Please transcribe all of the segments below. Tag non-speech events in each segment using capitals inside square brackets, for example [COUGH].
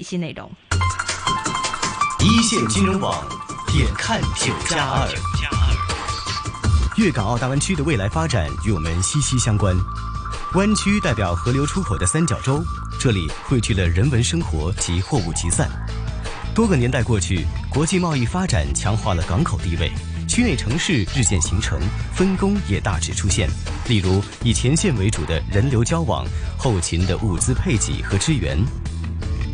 一些內容。一線金融網，點看九加二。粵港澳大灣區的未來發展與我們息息相關。灣區代表河流出口的三角洲，這裏匯聚了人文生活及貨物集散。多個年代過去，國際貿易發展強化了港口地位，區內城市日漸形成，分工也大致出現。例如，以前線為主的人流交往，後勤的物資配給和支援。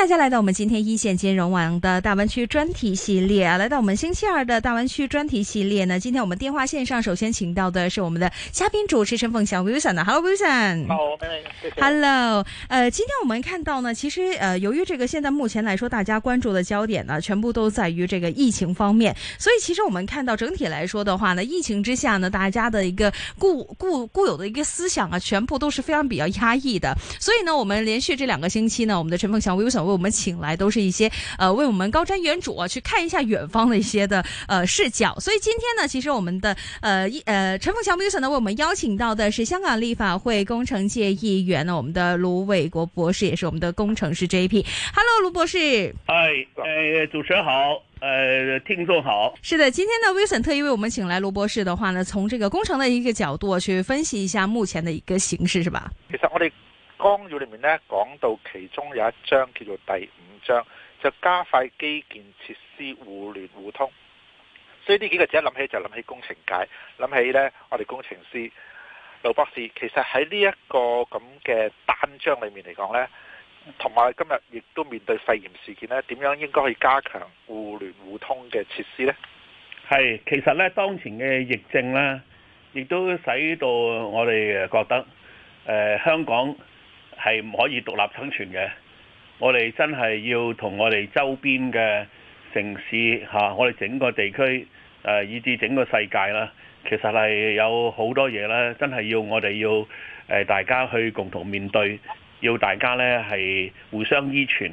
大家來到我們今天一線金融網的大灣區專題系列，啊，來到我們星期二的大灣區專題系列呢。今天我們電話線上首先請到的是我們的嘉賓主持陳鳳祥 Wilson。Hello Wilson，Hello，Hello。 [NOISE] 呃，今天我們看到呢，其實呃，由於這個現在目前來說，大家關注的焦點呢，全部都在於這個疫情方面。所以其實我們看到整體來說的話呢，疫情之下呢，大家的一個固固固有的一個思想啊，全部都是非常比較壓抑的。所以呢，我們連續這兩個星期呢，我們的陳鳳祥 Wilson。為我們請來都是一些呃，為我們高瞻遠矚啊，去看一下遠方的一些的呃視角。所以今天呢，其實我們的呃一呃陳鳳強威森呢，為我們邀請到的是香港立法會工程界議員呢，我們的盧偉國博士，也是我們的工程師 J.P。Hello，盧博士。哎呃，主持人好，呃，聽眾好。是的，今天呢，威森特意為我們請來盧博士的話呢，從這個工程的一個角度去分析一下目前的一個形勢，是吧？其實我哋。 [NOISE] 綱要裏面呢，講到其中有一章叫做第五章，就加快基建設施互聯互通。所以呢幾個字一諗起就諗起工程界，諗起呢，我哋工程師盧博士。其實喺呢一個咁嘅單章裏面嚟講呢，同埋今日亦都面對肺炎事件呢，點樣應該去加強互聯互通嘅設施呢？係，其實呢，當前嘅疫症咧，亦都使到我哋覺得誒、呃、香港。係唔可以獨立生存嘅。我哋真係要同我哋周邊嘅城市嚇，我哋整個地區誒，以至整個世界啦，其實係有好多嘢啦，真係要我哋要誒大家去共同面對，要大家咧係互相依存，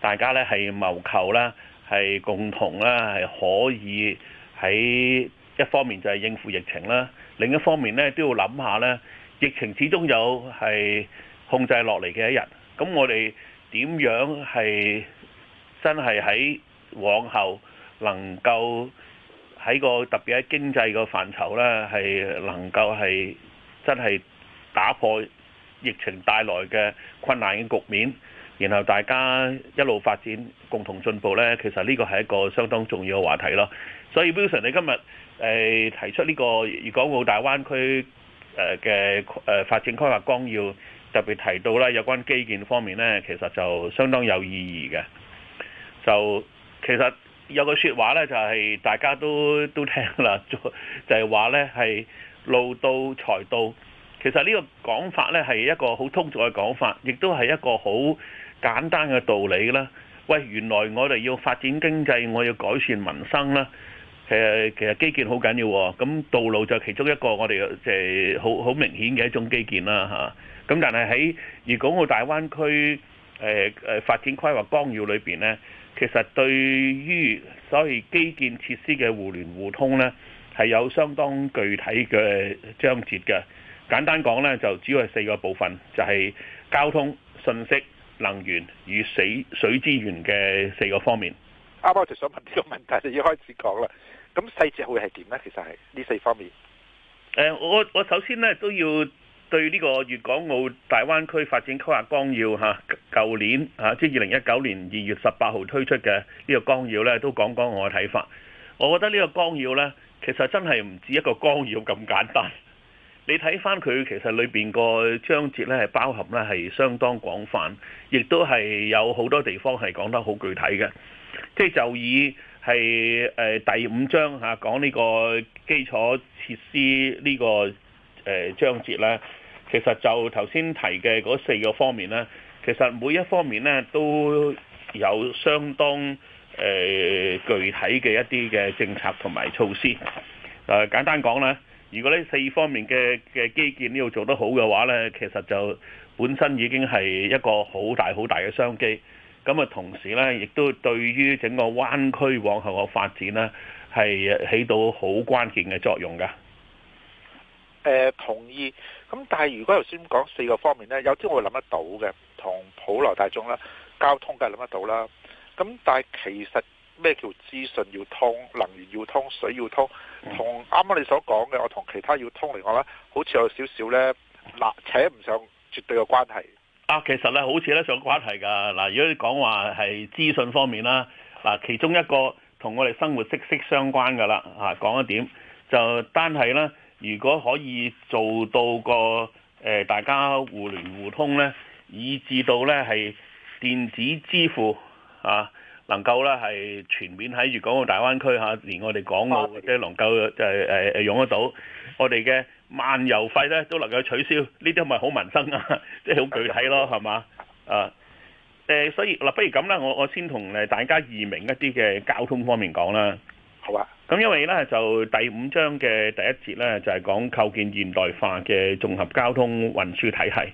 大家咧係謀求啦，係共同啦，係可以喺一方面就係應付疫情啦，另一方面咧都要諗下咧，疫情始終有係控制落嚟嘅一日，咁我哋點樣係真係喺往後能夠喺個特別喺經濟個範疇咧，係能夠係真係打破疫情帶來嘅困難嘅局面，然後大家一路發展共同進步咧。其實呢個係一個相當重要嘅話題咯。所以，Wilson，你今日誒提出呢個粵港澳大灣區誒嘅誒發展規劃綱要。特別提到啦，有關基建方面呢，其實就相當有意義嘅。就其實有個說話呢，就係大家都都聽啦，就係話呢係路到財到。其實呢個講法呢，係一個好通俗嘅講法，亦都係一個好簡單嘅道理啦。喂，原來我哋要發展經濟，我要改善民生啦。誒其實基建好緊要，咁道路就其中一個我哋即係好好明顯嘅一種基建啦嚇。咁但係喺粵港澳大灣區誒誒、呃、發展規劃綱要裏邊呢，其實對於所謂基建設施嘅互聯互通呢，係有相當具體嘅章節嘅。簡單講呢，就主要係四個部分，就係、是、交通、信息、能源與水水資源嘅四個方面。啱啱我就想問呢個問題，就要開始講啦。咁細節會係點呢？其實係呢四方面。呃、我我首先呢都要對呢個粵港澳大灣區發展規劃綱要嚇，舊年嚇即係二零一九年二月十八號推出嘅呢個綱要呢都講講我嘅睇法。我覺得呢個綱要呢，其實真係唔止一個綱要咁簡單。你睇翻佢其實裏面個章節呢係包含呢係相當廣泛，亦都係有好多地方係講得好具體嘅。即、就、係、是、就以係誒，第五章嚇，講呢個基礎設施呢個誒章節咧，其實就頭先提嘅嗰四個方面咧，其實每一方面咧都有相當誒、呃、具體嘅一啲嘅政策同埋措施。誒簡單講咧，如果呢四方面嘅嘅基建呢度做得好嘅話咧，其實就本身已經係一個好大好大嘅商機。咁啊，同時咧，亦都對於整個灣區往後嘅發展呢，係起到好關鍵嘅作用㗎。誒，同意。咁但係如果頭先講四個方面呢，有啲我會諗得到嘅，同普羅大眾啦、交通梗係諗得到啦。咁但係其實咩叫資訊要通、能源要通、水要通，同啱啱你所講嘅我同其他要通嚟講咧，好似有少少咧，嗱，扯唔上絕對嘅關係。啊，其實咧，好似咧上個話題㗎。嗱，如果你講話係資訊方面啦，嗱，其中一個同我哋生活息息相關㗎啦。啊，講一點就單係咧，如果可以做到個誒、呃、大家互聯互通咧，以至到咧係電子支付啊，能夠咧係全面喺粵港澳大灣區嚇，連我哋港澳即係能夠就係誒誒用得到我哋嘅，漫遊費咧都能夠取消，呢啲咪好民生啊，即係好具體咯，係嘛？啊誒，所以嗱，不如咁啦，我我先同誒大家二明一啲嘅交通方面講啦，好啊。咁因為咧就第五章嘅第一節咧就係講構建現代化嘅綜合交通運輸體系，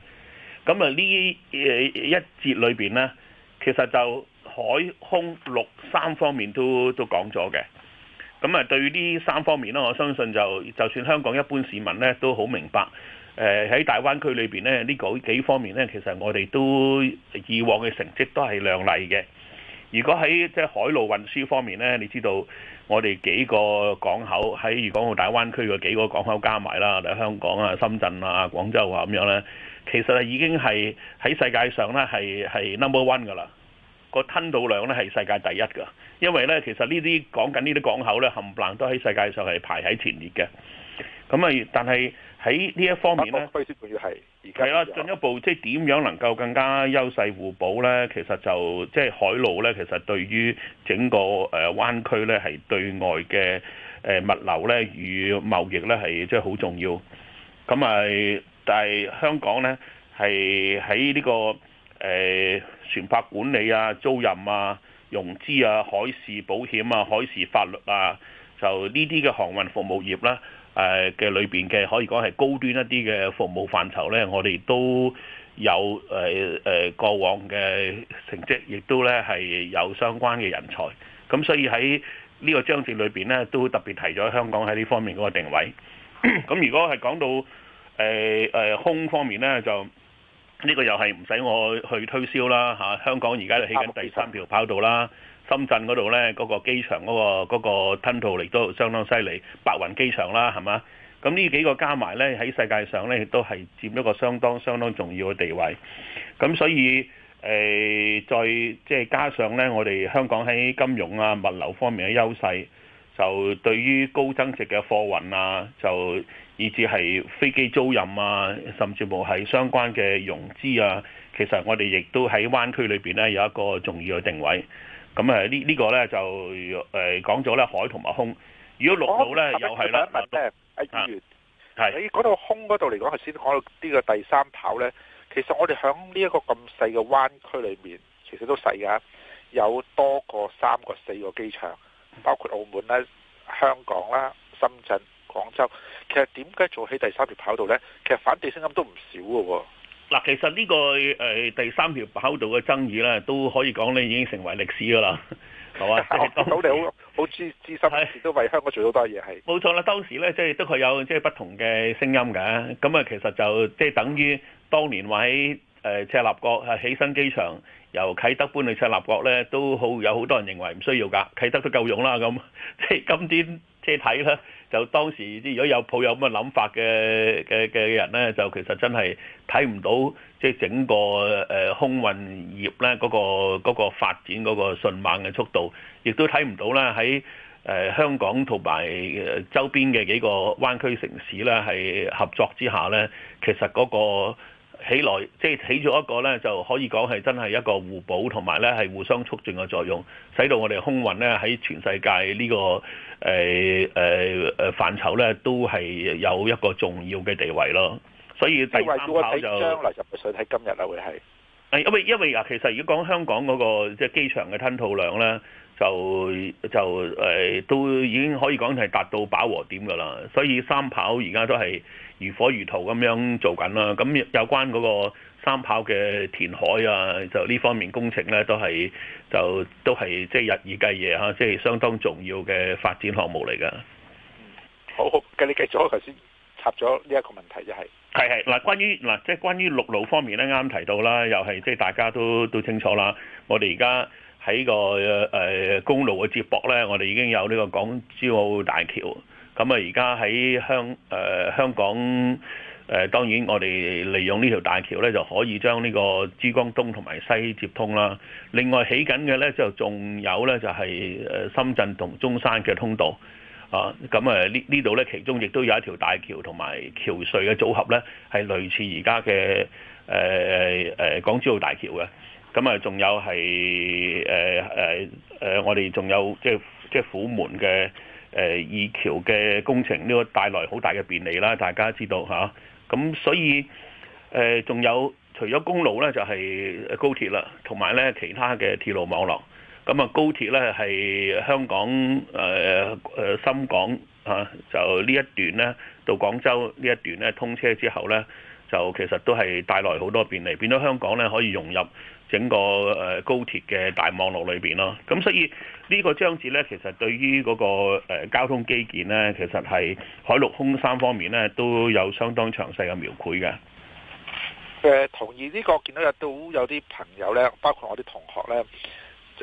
咁啊呢誒一節裏邊咧其實就海空陸三方面都都講咗嘅。咁啊，對呢三方面啦，我相信就就算香港一般市民咧，都好明白。誒喺大灣區裏邊呢，呢、呢個幾方面咧，其實我哋都以往嘅成績都係亮麗嘅。如果喺即係海路運輸方面呢，你知道我哋幾個港口喺粵港澳大灣區嘅幾個港口加埋啦，香港啊、深圳啊、廣州啊咁樣呢，其實已經係喺世界上咧係係 number one 㗎啦。個、no. 吞吐量咧係世界第一㗎。因為咧，其實呢啲講緊呢啲港口咧，冚唪唥都喺世界上係排喺前列嘅。咁啊，但係喺呢一方面咧，係啦，進一步即係點樣能夠更加優勢互補咧？其實就即係海路咧，其實對於整個誒灣區咧，係、呃、對外嘅、呃、物流咧與貿易咧係真係好重要。咁啊，但係香港咧係喺呢、這個誒、呃、船舶管理啊、租賃啊。融資啊、海事保險啊、海事法律啊，就呢啲嘅航運服務業啦，誒嘅裏邊嘅可以講係高端一啲嘅服務範疇呢。我哋都有誒、呃呃、過往嘅成績，亦都呢係有相關嘅人才。咁所以喺呢個章節裏面呢，都特別提咗香港喺呢方面嗰個定位。咁如果係講到、呃呃、空方面呢，就呢、這個又係唔使我去推銷啦嚇，香港而家就起緊第三條跑道啦，深圳嗰度呢，嗰、那個機場嗰、那個那個吞吐力都相當犀利，白雲機場啦係嘛，咁呢幾個加埋呢，喺世界上呢，亦都係佔咗個相當相當重要嘅地位，咁所以誒、呃、再即係加上呢，我哋香港喺金融啊物流方面嘅優勢。就對於高增值嘅貨運啊，就以至係飛機租賃啊，甚至乎係相關嘅融資啊，其實我哋亦都喺灣區裏邊呢，有一個重要嘅定位。咁誒呢呢個呢，就誒講咗咧海同埋空。如果陸路，呢，又然間係喺講到空嗰度嚟講，頭先講到呢個第三跑呢，其實我哋響呢一個咁細嘅灣區裏面，其實都細嘅，有多過三個四個機場。包括澳門啦、香港啦、深圳、廣州，其實點解做起第三條跑道呢？其實反對聲音都唔少㗎。嗱，其實呢、這個誒、呃、第三條跑道嘅爭議呢，都可以講呢已經成為歷史㗎啦。係嘛？好你、嗯就是、好，好知知心，都為香港做咗好多嘢係。冇錯啦，當時呢，即、就、係、是、都係有即係不同嘅聲音嘅。咁啊，其實就即係、就是、等於當年話喺。誒赤鱲角誒起新機場，由啟德搬去赤鱲角咧，都好有好多人認為唔需要㗎，啟德都夠用啦咁。即係今天即係睇咧，就當時如果有抱有咁嘅諗法嘅嘅嘅人咧，就其實真係睇唔到，即、就、係、是、整個誒、呃、空運業咧嗰、那個嗰、那個、發展嗰、那個迅猛嘅速度，亦都睇唔到啦喺誒香港同埋周邊嘅幾個灣區城市咧係合作之下咧，其實嗰、那個。起來，即、就、係、是、起咗一個呢，就可以講係真係一個互補同埋呢係互相促進嘅作用，使到我哋空運呢喺全世界、這個呃呃、範疇呢個誒誒誒範疇咧，都係有一個重要嘅地位咯。所以第三跑就將來就唔使睇今日啊會係。因為因為啊，其實如果講香港嗰、那個即係機場嘅吞吐量呢。就就、呃、都已經可以講係達到飽和點㗎啦，所以三跑而家都係如火如荼咁樣做緊啦。咁有關嗰個三跑嘅填海啊，就呢方面工程咧都係就都係即係日以繼夜嚇，即係相當重要嘅發展項目嚟㗎。好，繼續繼續，頭先插咗呢一個問題就係係係嗱，關於嗱即係關於陸路方面咧，啱啱提到啦，又係即係大家都都清楚啦，我哋而家。喺個誒公路嘅接駁呢，我哋已經有呢個港珠澳大橋。咁啊，而家喺香誒香港誒，當然我哋利用呢條大橋呢，就可以將呢個珠江東同埋西接通啦。另外起緊嘅呢，就仲有呢，就係深圳同中山嘅通道啊。咁啊，呢呢度呢，其中亦都有一條大橋同埋橋隧嘅組合呢，係類似而家嘅誒誒港珠澳大橋嘅。咁啊，仲有係誒誒誒，我哋仲有即係即係虎門嘅誒二橋嘅工程，呢個帶來好大嘅便利啦。大家知道嚇、啊，咁所以誒仲、呃、有除咗公路咧，就係、是、高鐵啦，同埋咧其他嘅鐵路網絡。咁、呃、啊，高鐵咧係香港誒誒深港嚇，就呢一段咧到廣州呢一段咧通車之後咧，就其實都係帶來好多便利，變咗香港咧可以融入。整個誒高鐵嘅大網絡裏邊咯，咁所以呢個章節呢，其實對於嗰個交通基建呢，其實係海陸空三方面呢，都有相當詳細嘅描繪嘅。誒同意呢個，見到有都有啲朋友呢，包括我啲同學呢，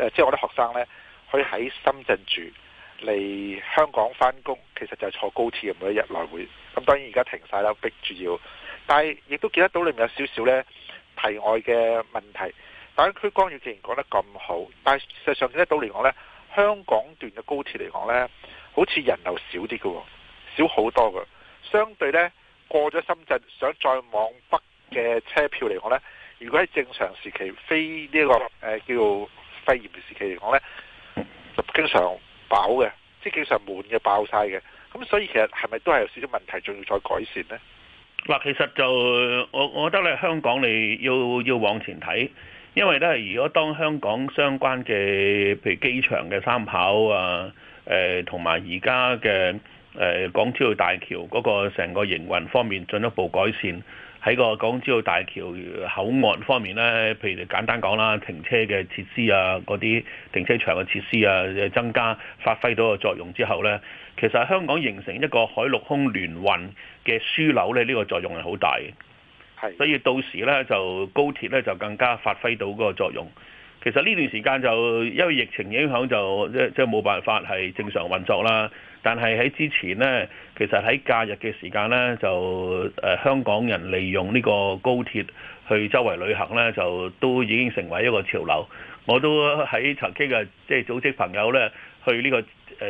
即係我啲學生呢，可以喺深圳住嚟香港返工，其實就係坐高鐵嘅每一日來回。咁當然而家停晒啦，逼住要，但係亦都見得到裏面有少少呢題外嘅問題。但區光耀既然講得咁好，但係實際上見得到嚟講呢，香港段嘅高鐵嚟講呢，好似人流少啲喎，少好多㗎。相對呢，過咗深圳，想再往北嘅車票嚟講呢，如果喺正常時期飛呢、呢個誒、呃、叫肺炎時期嚟講呢，就經常飽嘅，即係經常滿嘅、爆曬嘅。咁所以其實係咪都係有少少問題，仲要再改善呢？嗱，其實就我我覺得咧，香港你要要往前睇。因為咧，如果當香港相關嘅，譬如機場嘅三跑啊，誒同埋而家嘅誒港珠澳大橋嗰個成個營運方面進一步改善，喺個港珠澳大橋口岸方面咧，譬如簡單講啦，停車嘅設施啊，嗰啲停車場嘅設施啊，增加發揮到個作用之後咧，其實香港形成一個海陸空聯運嘅樞紐咧，呢個作用係好大嘅。所以到時咧就高鐵咧就更加發揮到嗰個作用。其實呢段時間就因為疫情影響，就即即冇辦法係正常運作啦。但係喺之前呢，其實喺假日嘅時間咧就誒香港人利用呢個高鐵去周圍旅行咧就都已經成為一個潮流。我都喺曾經嘅即係組織朋友咧去呢個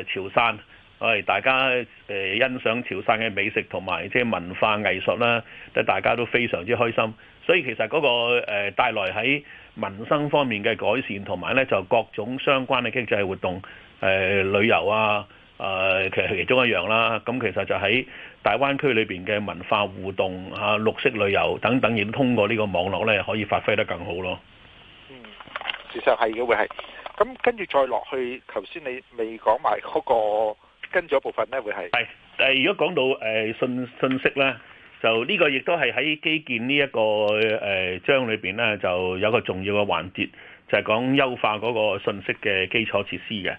誒潮汕。係大家誒欣賞潮汕嘅美食同埋即係文化藝術啦，即大家都非常之開心。所以其實嗰個誒帶來喺民生方面嘅改善，同埋呢就各種相關嘅經濟活動，誒、呃、旅遊啊，啊、呃、其實其中一樣啦。咁其實就喺大灣區裏邊嘅文化互動啊、綠色旅遊等等，亦都通過呢個網絡呢，可以發揮得更好咯。嗯，事實係嘅會係，咁跟住再落去頭先你未講埋嗰個。跟咗部分咧，會係係誒。如果講到誒信信息咧，就呢個亦都係喺基建呢一個誒章裏邊咧，就有個重要嘅環節，就係、是、講優化嗰個信息嘅基礎設施嘅。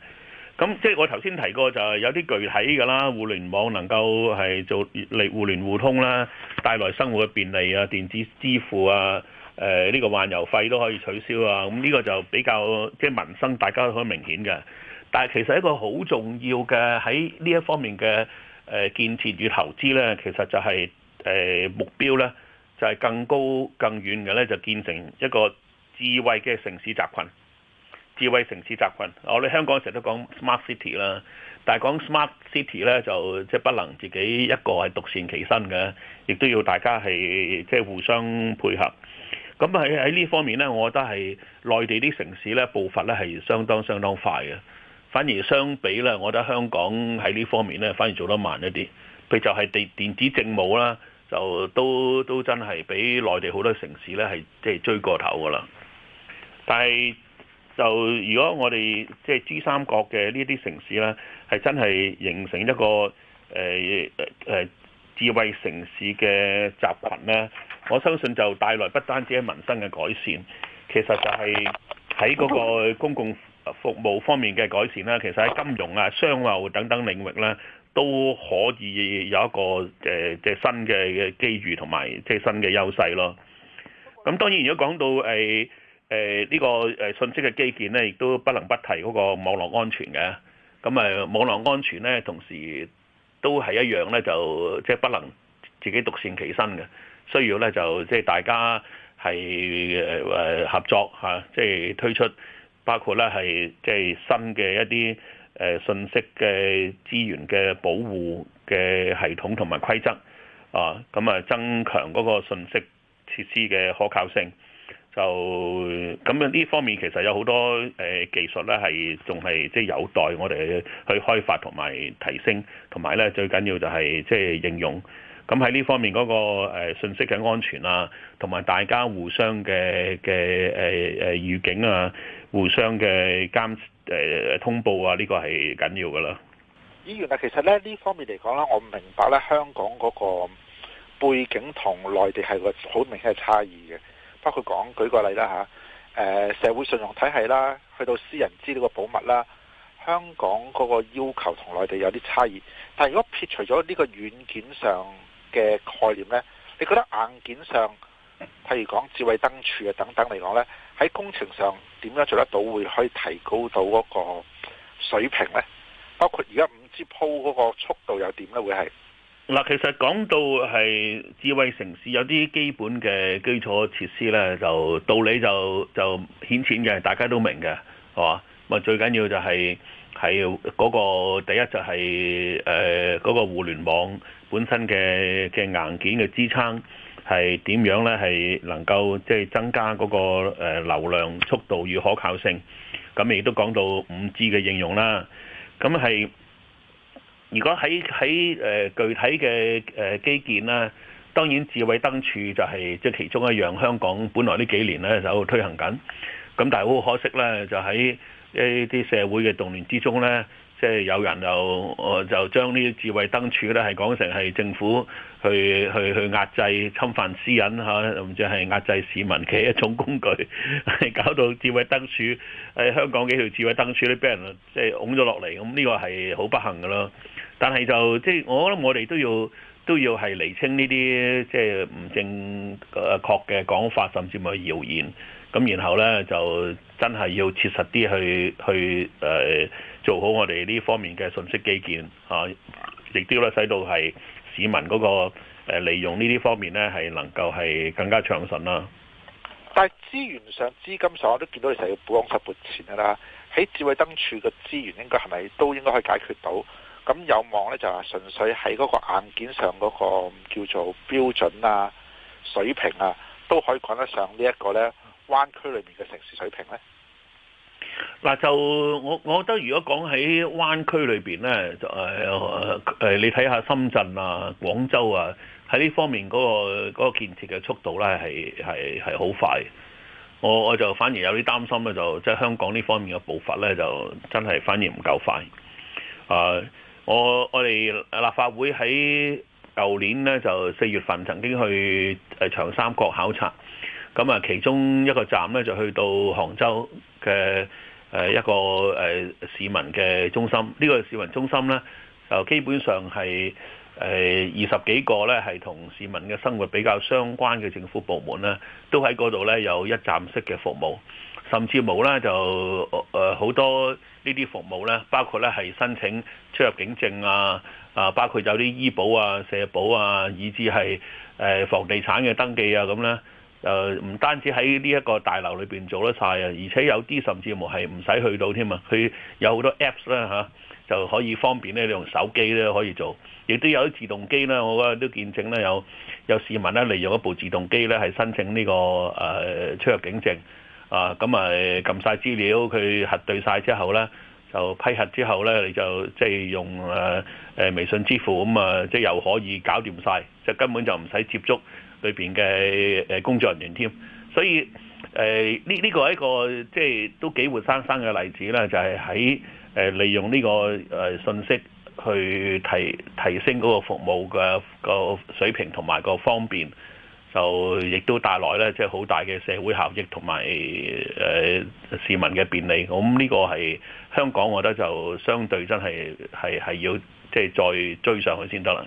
咁即係我頭先提過，就有啲具體㗎啦。互聯網能夠係做嚟互聯互通啦，帶來生活嘅便利啊，電子支付啊，誒、這、呢個漫遊費都可以取消啊。咁呢個就比較即係、就是、民生，大家都好明顯嘅。但係其實一個好重要嘅喺呢一方面嘅誒建設與投資呢，其實就係誒目標呢，就係更高更遠嘅呢，就建成一個智慧嘅城市集群。智慧城市集群，我哋香港成日都講 smart city 啦，但係講 smart city 呢，就即係不能自己一個係獨善其身嘅，亦都要大家係即係互相配合。咁喺喺呢方面呢，我覺得係內地啲城市呢，步伐呢係相當相當快嘅。反而相比咧，我覺得香港喺呢方面咧，反而做得慢一啲。譬如就係電電子政務啦，就都都真係比內地好多城市咧，係即係追過頭噶啦。但係就如果我哋即係珠三角嘅呢啲城市咧，係真係形成一個誒誒智慧城市嘅集群咧，我相信就帶來不單止係民生嘅改善，其實就係喺嗰個公共。服務方面嘅改善啦，其實喺金融啊、商務等等領域咧，都可以有一個誒嘅新嘅嘅機遇同埋即係新嘅優勢咯。咁當然如果講到誒誒呢個誒信息嘅基建咧，亦都不能不提嗰個網絡安全嘅。咁誒網絡安全咧，同時都係一樣咧，就即係不能自己獨善其身嘅，需要咧就即係大家係誒合作嚇，即係推出。包括咧係即係新嘅一啲誒信息嘅資源嘅保護嘅系統同埋規則，啊，咁啊增強嗰個信息設施嘅可靠性。就咁樣呢方面其實有好多誒技術咧係仲係即係有待我哋去開發同埋提升，同埋咧最緊要就係即係應用。咁喺呢方面嗰、那個誒、呃、信息嘅安全啊，同埋大家互相嘅嘅誒誒預警啊，互相嘅監誒、呃、通報啊，呢、這個係緊要噶啦。議員啊，其實咧呢這方面嚟講咧，我明白咧香港嗰個背景同內地係個好明顯嘅差異嘅。包括講舉個例啦吓誒社會信用體系啦，去到私人資料嘅保密啦，香港嗰個要求同內地有啲差異，但係如果撇除咗呢個軟件上，嘅概念呢，你覺得硬件上，譬如講智慧燈柱啊等等嚟講呢，喺工程上點樣做得到會可以提高到嗰個水平呢？包括而家五 G 鋪嗰個速度又點呢？會係嗱，其實講到係智慧城市，有啲基本嘅基礎設施呢，就道理就就顯淺嘅，大家都明嘅，係嘛？咁最緊要就係係嗰個第一就係誒嗰個互聯網。本身嘅嘅硬件嘅支撐係點樣呢？係能夠即係、就是、增加嗰個誒流量速度與可靠性。咁亦都講到五 G 嘅應用啦。咁係如果喺喺誒具體嘅誒基建啦，當然智慧燈柱就係即係其中一樣。香港本來呢幾年呢，就推行緊，咁但係好可惜呢，就喺一啲社會嘅動亂之中呢。即係有人就，就將呢啲智慧燈柱咧，係講成係政府去去去壓制、侵犯私隱嚇，或者係壓制市民嘅一種工具，係搞到智慧燈柱喺香港幾條智慧燈柱咧俾人即係拱咗落嚟，咁呢個係好不幸噶咯。但係就即係我諗，我哋都要都要係釐清呢啲即係唔正確嘅講法，甚至咪謠言。咁然後咧就真係要切實啲去去誒。做好我哋呢方面嘅信息基建，嚇亦都咧使到係市民嗰個誒利用呢啲方面咧係能夠係更加暢順啦。但係資源上、資金上，我都見到你成日要補充撥錢噶啦。喺智慧燈柱嘅資源應該，係咪都應該可以解決到？咁有望咧就係純粹喺嗰個硬件上嗰、嗰個叫做標準啊、水平啊，都可以趕得上這呢一個咧灣區裏面嘅城市水平咧？嗱就我，我覺得如果講喺灣區裏邊呢，就誒誒、呃，你睇下深圳啊、廣州啊，喺呢方面嗰、嗰個嗰個建設嘅速度呢係係係好快。我我就反而有啲擔心呢，就即係、即係、香港呢方面嘅步伐呢，就真係反而唔夠快。誒、呃，我我哋立法會喺舊年呢，就四月份曾經去誒長三角考察，咁啊其中一個站呢，就去到杭州嘅。誒一個誒市民嘅中心，呢個市民中心呢，就基本上係誒二十幾個呢係同市民嘅生活比較相關嘅政府部門呢，都喺嗰度呢有一站式嘅服務，甚至冇呢就誒好多呢啲服務呢包括呢係申請出入境證啊，啊，包括有啲醫保啊、社保啊，以至係誒房地產嘅登記啊咁呢。誒唔單止喺呢一個大樓裏邊做得晒，啊，而且有啲甚至乎係唔使去到添啊，佢有好多 Apps 咧嚇，就可以方便咧你用手機咧可以做，亦都有啲自動機咧，我覺得都見證咧有有市民咧利用一部自動機咧係申請呢、這個誒、呃、出入境證啊，咁啊撳晒資料，佢核對晒之後咧就批核之後咧你就即係、就是、用誒誒、呃、微信支付咁啊，即係又可以搞掂晒，即係根本就唔使接觸。裏邊嘅誒工作人員添，所以誒呢呢個係一個即係、就是、都幾活生生嘅例子啦，就係喺誒利用呢、這個誒、呃、信息去提提升嗰個服務嘅、那個水平同埋個方便，就亦都帶來咧即係好大嘅社會效益同埋誒市民嘅便利。咁呢個係香港，我覺得就相對真係係係要即係、就是、再追上去先得啦。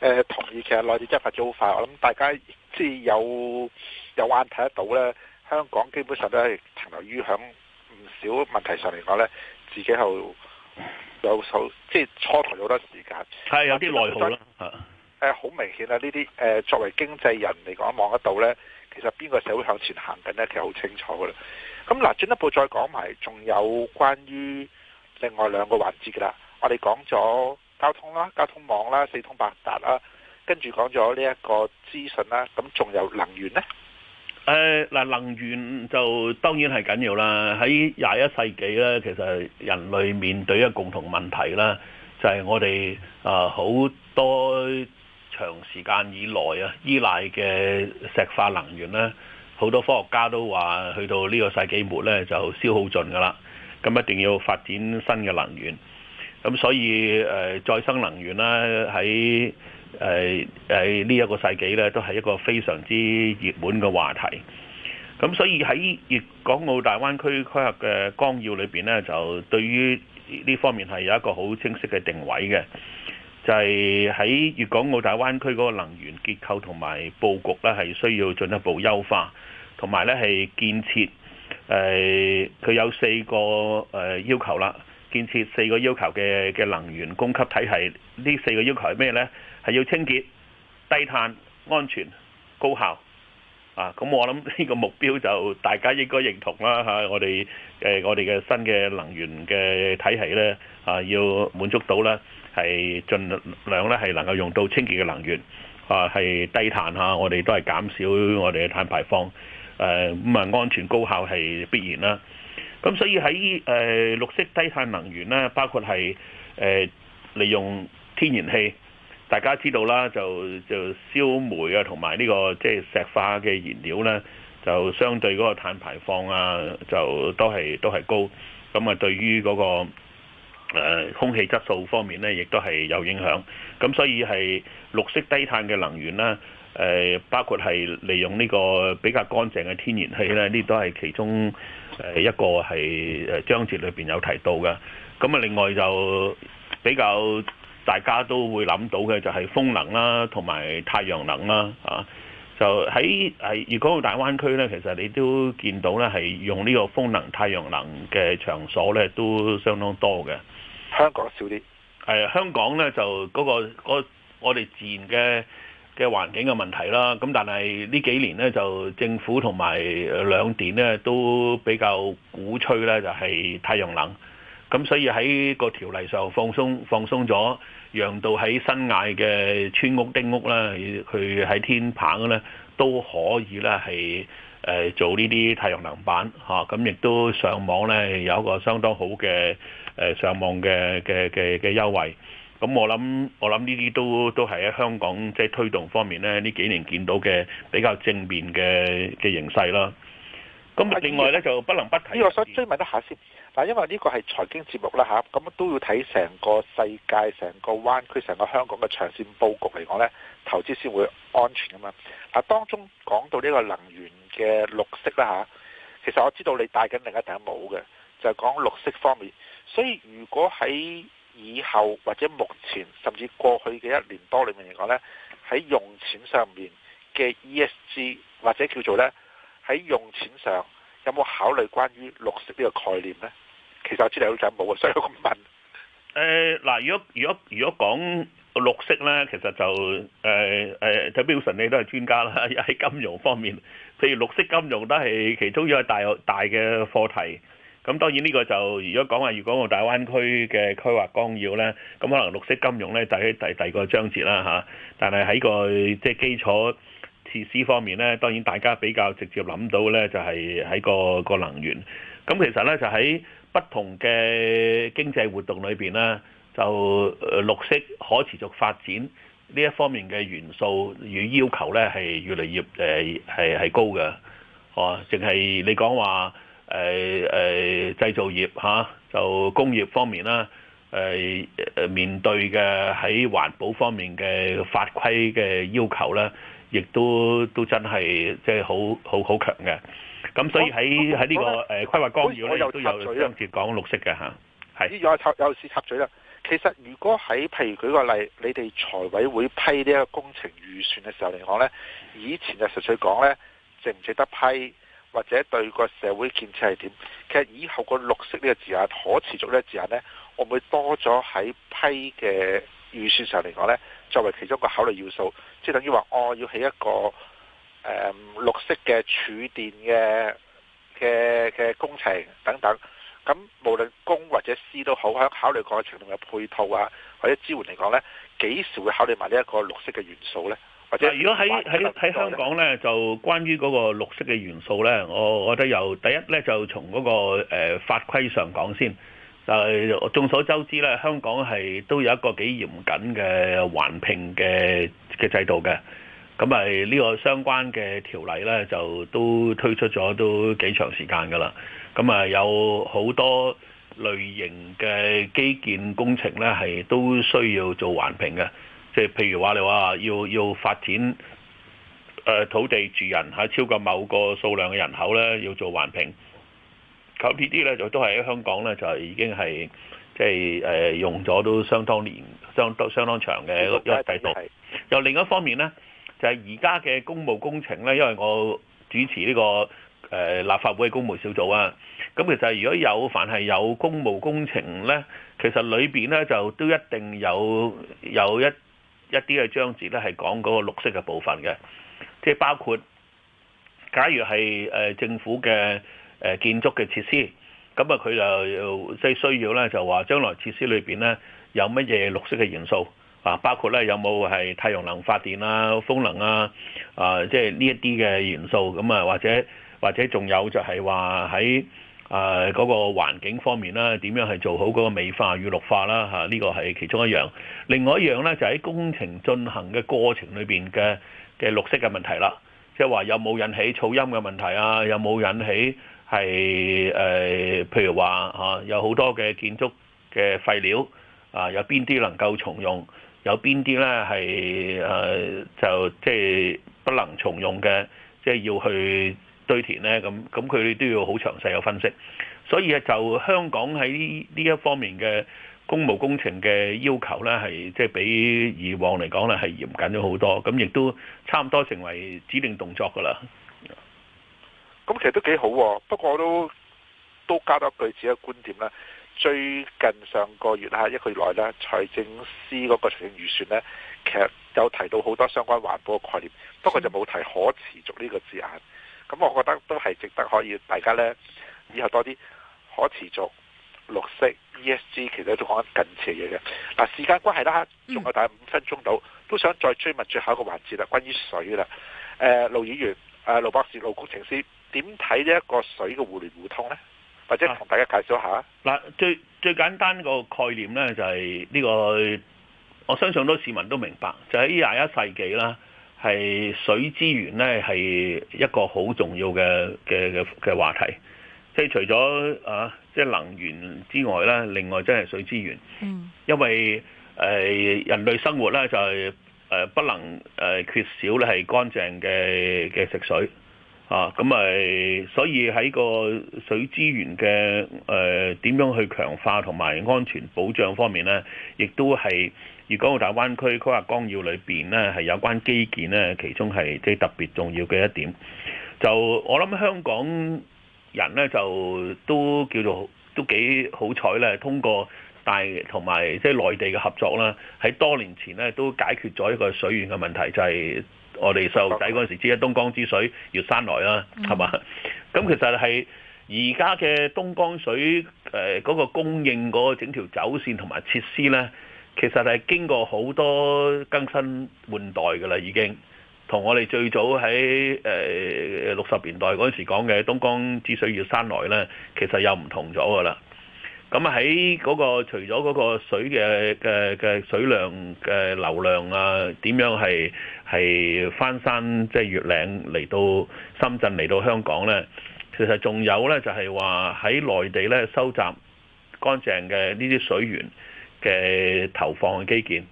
誒、呃、同意，其實內地即係發展好快，我諗大家即係有有眼睇得到咧。香港基本上都係停留於響唔少問題上嚟講咧，自己係有手即係蹉跎咗好多時間，係有啲內耗咯。誒、呃、好明顯啊！呢啲誒作為經濟人嚟講，望得到咧，其實邊個社會向前行緊咧，其實好清楚噶啦。咁嗱，進一步再講埋，仲有關於另外兩個環節噶啦，我哋講咗。交通啦，交通網啦，四通八達啦，跟住講咗呢一個資訊啦，咁仲有能源呢？嗱，能源就當然係緊要啦。喺廿一世紀咧，其實人類面對一個共同問題啦，就係我哋啊好多長時間以來啊依賴嘅石化能源咧，好多科學家都話，去到呢個世紀末咧就消耗盡噶啦，咁一定要發展新嘅能源。咁所以誒再生能源咧喺誒喺呢一個世紀呢，都係一個非常之熱門嘅話題。咁所以喺粵港澳大灣區規劃嘅綱要裏邊呢，就對於呢方面係有一個好清晰嘅定位嘅，就係喺粵港澳大灣區嗰個能源結構同埋布局呢，係需要進一步優化，同埋呢係建設誒，佢有四個誒要求啦。建設四個要求嘅嘅能源供給體系，呢四個要求係咩呢？係要清潔、低碳、安全、高效啊！咁我諗呢個目標就大家應該認同啦嚇、啊。我哋誒、呃、我哋嘅新嘅能源嘅體系呢，啊，要滿足到咧係盡量呢係能夠用到清潔嘅能源啊，係低碳嚇，我哋都係減少我哋嘅碳排放誒咁啊，安全高效係必然啦。咁所以喺誒綠色低碳能源咧，包括係誒利用天然氣，大家知道啦，就就燒煤啊，同埋呢個即係石化嘅燃料咧，就相對嗰個碳排放啊，就都係都係高。咁啊，對於嗰個誒空氣質素方面咧，亦都係有影響，咁所以係綠色低碳嘅能源啦，誒包括係利用呢個比較乾淨嘅天然氣咧，呢啲都係其中。誒一個係誒章節裏邊有提到嘅。咁啊另外就比較大家都會諗到嘅就係風能啦，同埋太陽能啦，啊就喺誒如果去大灣區呢，其實你都見到呢係用呢個風能、太陽能嘅場所呢都相當多嘅。香港少啲。係香港呢就嗰、嗰個嗰個我哋自然嘅嘅環境嘅問題啦，咁但係呢幾年呢，就政府同埋兩電呢都比較鼓吹呢，就係太陽能，咁所以喺個條例上放鬆放鬆咗，讓到喺新界嘅村屋、丁屋啦，佢喺天棚呢都可以呢，係誒做呢啲太陽能板嚇，咁亦都上網呢，有一個相當好嘅誒上網嘅嘅嘅嘅優惠。咁我諗，我諗呢啲都都係喺香港即係、就是、推動方面呢，呢幾年見到嘅比較正面嘅嘅形勢啦。咁另外呢，就不能不提，我想追問一下先。嗱，因為呢個係財經節目啦，吓、啊，咁都要睇成個世界、成個灣區、成個香港嘅長線布局嚟講呢，投資先會安全噶嘛。嗱、啊，當中講到呢個能源嘅綠色啦，吓、啊，其實我知道你帶緊另一頂帽嘅，就係講綠色方面。所以如果喺以後或者目前甚至過去嘅一年多裡面嚟講呢，喺用錢上面嘅 ESG 或者叫做呢喺用錢上有冇考慮關於綠色呢個概念呢？其實我知道就冇啊，所以我問。誒、呃、嗱，如果如果如果講綠色呢，其實就誒誒 t i 你都係專家啦，喺 [LAUGHS] 金融方面，譬如綠色金融都係其中一個大大嘅課題。咁當然呢個就如果講話粵港澳大灣區嘅規劃綱要呢，咁可能綠色金融呢，就喺第第二個章節啦嚇。但係喺個即係基礎設施方面呢，當然大家比較直接諗到呢，就係喺個個能源。咁其實呢，就喺不同嘅經濟活動裏邊呢，就誒綠色可持續發展呢一方面嘅元素與要求呢，係越嚟越誒係係高嘅。哦，淨係你講話。誒、欸、誒、欸、製造業、啊、就工業方面啦、啊啊，面對嘅喺環保方面嘅法規嘅要求咧，亦都都真係即係好好好強嘅。咁所以喺喺呢個規劃綱要呢，咧，有都有章節講綠色嘅嚇。係。有插有事插嘴啦。其實如果喺譬如舉個例，你哋財委會批呢個工程預算嘅時候嚟講咧，以前就純粹講咧，值唔值得批？或者對個社會建設係點？其實以後個綠色呢個字眼、可持續呢個字眼呢，我會多咗喺批嘅預算上嚟講呢，作為其中一個考慮要素，即係等於話，我要起一個、呃、綠色嘅儲電嘅嘅嘅工程等等。咁無論公或者私都好，考慮過程同埋配套啊，或者支援嚟講呢，幾時會考慮埋呢一個綠色嘅元素呢？嗱，如果喺喺喺香港咧，就關於嗰個綠色嘅元素咧，我我覺得由第一咧，就從嗰個誒法規上講先。就係眾所周知咧，香港係都有一個幾嚴謹嘅環評嘅嘅制度嘅。咁咪呢個相關嘅條例咧，就都推出咗都幾長時間㗎啦。咁啊，有好多類型嘅基建工程咧，係都需要做環評嘅。即係譬如話，你話要要發展誒土地住人喺超過某個數量嘅人口咧，要做環評，咁呢啲咧就都係喺香港咧就係已經係即係誒用咗都相當年、相當相當長嘅一個制度。又另一方面咧，就係而家嘅公務工程咧，因為我主持呢個誒立法會嘅公務小組啊，咁其實如果有凡係有公務工程咧，其實裏邊咧就都一定有有一一啲嘅章節咧係講嗰個綠色嘅部分嘅，即係包括，假如係誒政府嘅誒建築嘅設施，咁啊佢就即係需要咧就話將來設施裏邊咧有乜嘢綠色嘅元素啊，包括咧有冇係太陽能發電啊、風能啊啊，即係呢一啲嘅元素，咁啊或者或者仲有就係話喺誒、啊、嗰、那個環境方面啦，點樣係做好嗰個美化與綠化啦？嚇、啊，呢個係其中一樣。另外一樣呢，就喺工程進行嘅過程裏邊嘅嘅綠色嘅問題啦，即係話有冇引起噪音嘅問題啊？有冇引起係誒、呃？譬如話嚇，有好多嘅建築嘅廢料啊，有邊啲、啊、能夠重用？有邊啲呢？係誒、啊？就即係、就是、不能重用嘅，即、就、係、是、要去，堆填呢，咁咁佢哋都要好詳細嘅分析，所以咧就香港喺呢一方面嘅公務工程嘅要求呢，係即係比以往嚟講呢係嚴謹咗好多，咁亦都差唔多成為指定動作噶啦。咁其實都幾好、啊，不過我都都加多句自己嘅觀點啦。最近上個月啦，一個月內啦，財政司嗰個財政預算呢，其實有提到好多相關環保嘅概念，不過就冇提可持續呢個字眼。咁我覺得都係值得可以大家呢以後多啲可持續綠色 ESG，其實都可近切嘅嘢。嗱，時間關係啦，仲有大概五分鐘到，都想再追問最後一個環節啦，關於水啦。誒、呃，盧議員、盧博士、盧工程師，點睇呢一個水嘅互聯互通呢？或者同大家介紹下嗱、啊，最最簡單個概念呢，就係呢、這個，我相信好多市民都明白，就喺廿一世紀啦。係水資源呢，係一個好重要嘅嘅嘅嘅話題。即係除咗啊，即係能源之外呢，另外真係水資源。嗯，因為誒人類生活呢，就係誒不能誒缺少咧係乾淨嘅嘅食水。啊，咁咪所以喺個水資源嘅誒點樣去強化同埋安全保障方面咧，亦都係粵港澳大灣區規劃綱要裏邊咧，係有關基建咧，其中係即係特別重要嘅一點。就我諗香港人咧，就都叫做都幾好彩咧，通過大同埋即係內地嘅合作啦，喺多年前咧都解決咗一個水源嘅問題，就係、是。我哋細路仔嗰陣時知咧，東江之水越山來啦，係嘛？咁、嗯、其實係而家嘅東江水誒嗰個供應嗰整條走線同埋設施呢，其實係經過好多更新換代噶啦，已經同我哋最早喺誒六十年代嗰陣時講嘅東江之水越山來呢，其實又唔同咗噶啦。咁喺嗰個除咗嗰個水嘅嘅嘅水量嘅流量啊，點樣係係翻山即係越嶺嚟到深圳嚟到香港呢？其實仲有呢，就係話喺內地呢，收集乾淨嘅呢啲水源嘅投放嘅基建。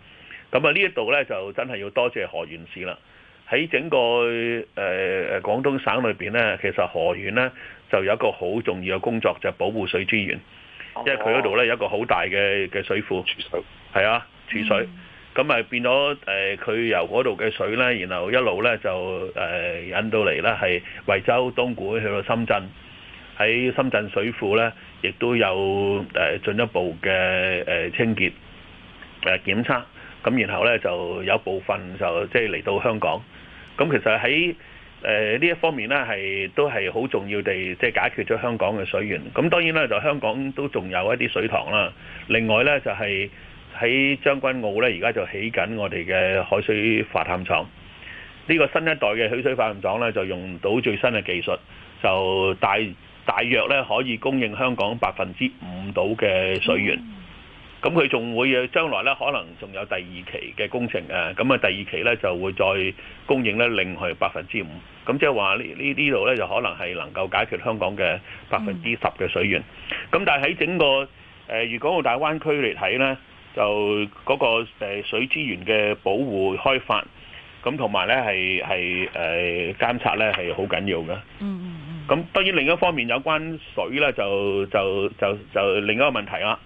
咁啊呢一度呢，就真係要多謝河源市啦。喺整個誒廣東省裏邊呢，其實河源呢，就有一個好重要嘅工作，就保護水資源。即係佢嗰度呢，有一個好大嘅嘅水庫，係啊，儲水，咁、嗯、咪變咗誒，佢由嗰度嘅水呢，然後一路呢就誒引到嚟呢，係惠州、東莞去到深圳，喺深圳水庫呢，亦都有誒進一步嘅誒清潔誒檢測，咁然後呢，就有部分就即係嚟到香港，咁其實喺誒呢一方面呢係都係好重要地，即係解決咗香港嘅水源。咁當然啦，就香港都仲有一啲水塘啦。另外呢，就係喺將軍澳呢，而家就起緊我哋嘅海水化淡廠。呢個新一代嘅海水化淡廠呢，就用到最新嘅技術，就大大約可以供應香港百分之五度嘅水源。咁佢仲會將來咧可能仲有第二期嘅工程誒，咁啊第二期咧就會再供應咧另去百分之五，咁即係話呢呢呢度咧就可能係能夠解決香港嘅百分之十嘅水源。咁、嗯、但係喺整個誒粵港澳大灣區嚟睇咧，就嗰個誒水資源嘅保護開發，咁同埋咧係係誒監測咧係好緊要嘅。嗯嗯嗯。咁當然另一方面有關水咧就就就就另一個問題啦。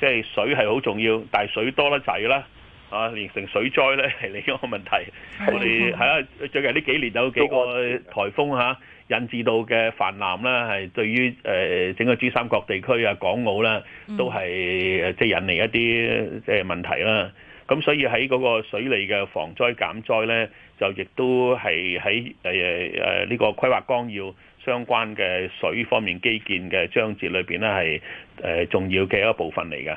即係水係好重要，但係水多得滯啦，啊，形成水災咧係另一個問題。我哋係啊，最近呢幾年有幾個颱風嚇引致到嘅泛濫啦，係對於誒整個珠三角地區啊、港澳啦，都係即係引嚟一啲即係問題啦。咁所以喺嗰個水利嘅防災減災咧，就亦都係喺誒誒呢個規劃綱要相關嘅水方面基建嘅章節裏邊咧，係誒重要嘅一個部分嚟嘅。